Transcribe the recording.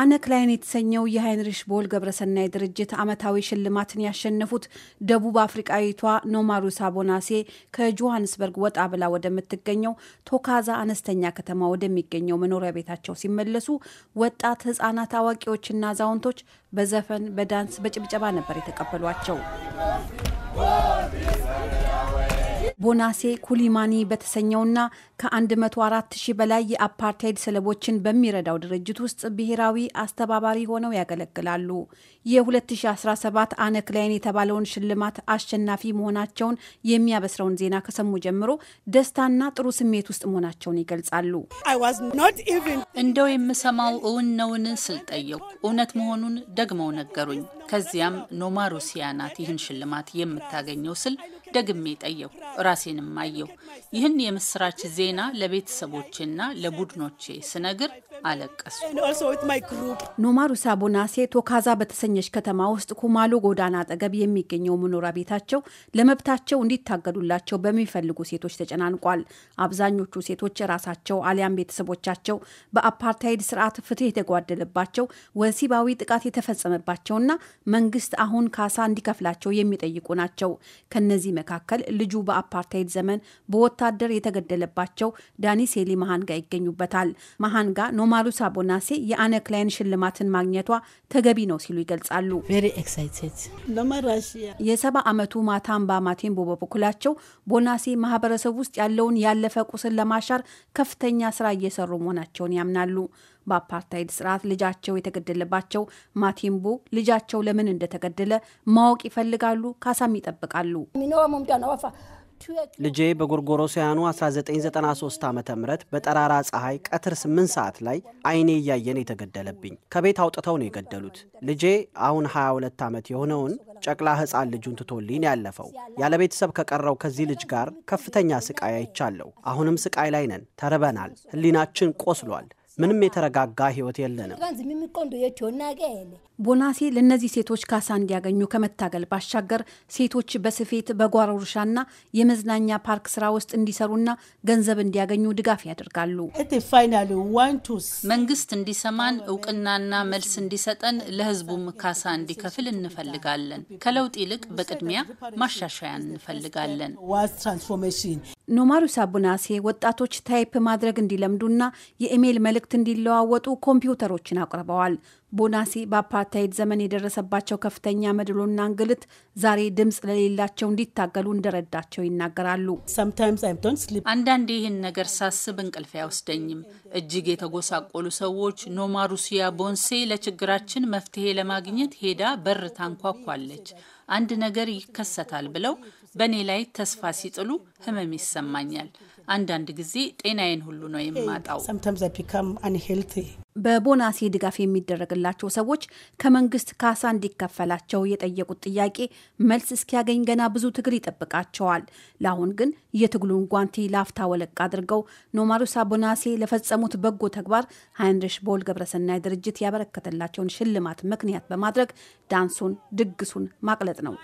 አነክላይን የተሰኘው የሃይንሪሽ ቦል ገብረሰናይ ድርጅት ዓመታዊ ሽልማትን ያሸነፉት ደቡብ አፍሪቃዊቷ ኖማሩ ሳቦናሴ ከጆሃንስበርግ ወጣ ብላ ወደምትገኘው ቶካዛ አነስተኛ ከተማ ወደሚገኘው መኖሪያ ቤታቸው ሲመለሱ ወጣት ህጻናት፣ አዋቂዎችና አዛውንቶች በዘፈን፣ በዳንስ፣ በጭብጨባ ነበር የተቀበሏቸው። ቦናሴ ኩሊማኒ በተሰኘውና ከ104 ሺህ በላይ የአፓርታይድ ሰለቦችን በሚረዳው ድርጅት ውስጥ ብሔራዊ አስተባባሪ ሆነው ያገለግላሉ። የ2017 አነክላይን የተባለውን ሽልማት አሸናፊ መሆናቸውን የሚያበስረውን ዜና ከሰሙ ጀምሮ ደስታና ጥሩ ስሜት ውስጥ መሆናቸውን ይገልጻሉ። እንደው የምሰማው እውን ነውን ስል ጠየቁ። እውነት መሆኑን ደግመው ነገሩኝ። ከዚያም ኖማሩሲያ ናት ይህን ሽልማት የምታገኘው ስል ደግሜ ጠየቁ፣ ራሴንም አየው። ይህን የምስራች ዜና ለቤተሰቦቼና ለቡድኖቼ ስነግር አለቀሱ። ኖማሩ ሳቦናሴ ቶካዛ በተሰኘች ከተማ ውስጥ ኩማሉ ጎዳና አጠገብ የሚገኘው መኖሪያ ቤታቸው ለመብታቸው እንዲታገዱላቸው በሚፈልጉ ሴቶች ተጨናንቋል። አብዛኞቹ ሴቶች ራሳቸው አሊያም ቤተሰቦቻቸው በአፓርታይድ ስርዓት ፍትህ የተጓደለባቸው፣ ወሲባዊ ጥቃት የተፈጸመባቸውና መንግስት አሁን ካሳ እንዲከፍላቸው የሚጠይቁ ናቸው። ከነዚህ መካከል ልጁ በአፓርታይድ ዘመን በወታደር የተገደለባቸው ሴሊ መሃንጋ ይገኙበታል። መሃንጋ ኖማሩሳ ቦናሴ የአነክላይን ሽልማትን ማግኘቷ ተገቢ ነው ሲሉ ይገልጻሉ። የሰባ ዓመቱ ማታምባ ማቴምቦ በበኩላቸው ቦናሴ ማህበረሰብ ውስጥ ያለውን ያለፈ ቁስል ለማሻር ከፍተኛ ስራ እየሰሩ መሆናቸውን ያምናሉ። በአፓርታይድ ስርዓት ልጃቸው የተገደለባቸው ማቲምቦ ልጃቸው ለምን እንደተገደለ ማወቅ ይፈልጋሉ፣ ካሳም ይጠብቃሉ። ልጄ በጎርጎሮሳውያኑ 1993 ዓ ም በጠራራ ፀሐይ ቀትር 8 ሰዓት ላይ አይኔ እያየን የተገደለብኝ። ከቤት አውጥተው ነው የገደሉት። ልጄ አሁን 22 ዓመት የሆነውን ጨቅላ ሕፃን ልጁን ትቶልኝ ያለፈው። ያለ ቤተሰብ ከቀረው ከዚህ ልጅ ጋር ከፍተኛ ስቃይ አይቻለሁ። አሁንም ስቃይ ላይ ነን። ተርበናል። ህሊናችን ቆስሏል። ምንም የተረጋጋ ህይወት የለንም። ቦናሴ ለእነዚህ ሴቶች ካሳ እንዲያገኙ ከመታገል ባሻገር ሴቶች በስፌት በጓሮ እርሻና የመዝናኛ ፓርክ ስራ ውስጥ እንዲሰሩና ገንዘብ እንዲያገኙ ድጋፍ ያደርጋሉ። መንግስት እንዲሰማን እውቅናና መልስ እንዲሰጠን ለህዝቡም ካሳ እንዲከፍል እንፈልጋለን። ከለውጥ ይልቅ በቅድሚያ ማሻሻያ እንፈልጋለን። ኖማሩ ሳቡናሴ ወጣቶች ታይፕ ማድረግ እንዲለምዱና የኢሜይል መልእክት መልእክት እንዲለዋወጡ ኮምፒውተሮችን አቅርበዋል። ቦናሴ በአፓርታይድ ዘመን የደረሰባቸው ከፍተኛ መድሎና እንግልት ዛሬ ድምፅ ለሌላቸው እንዲታገሉ እንደረዳቸው ይናገራሉ። አንዳንድ ይህን ነገር ሳስብ እንቅልፍ አይወስደኝም። እጅግ የተጎሳቆሉ ሰዎች ኖማሩሲያ ቦንሴ ለችግራችን መፍትሄ ለማግኘት ሄዳ በር ታንኳኳለች። አንድ ነገር ይከሰታል ብለው በእኔ ላይ ተስፋ ሲጥሉ ህመም ይሰማኛል። አንዳንድ ጊዜ ጤናዬን ሁሉ ነው የማጣው። በቦናሴ ድጋፍ የሚደረግላቸው ሰዎች ከመንግስት ካሳ እንዲከፈላቸው የጠየቁት ጥያቄ መልስ እስኪያገኝ ገና ብዙ ትግል ይጠብቃቸዋል። ለአሁን ግን የትግሉን ጓንቲ ላፍታ ወለቅ አድርገው ኖማሩሳ ቦናሴ ለፈጸሙት በጎ ተግባር ሃይንሪሽ ቦል ገብረሰናይ ድርጅት ያበረከተላቸውን ሽልማት ምክንያት በማድረግ ዳንሱን፣ ድግሱን ማቅለጥ ነው።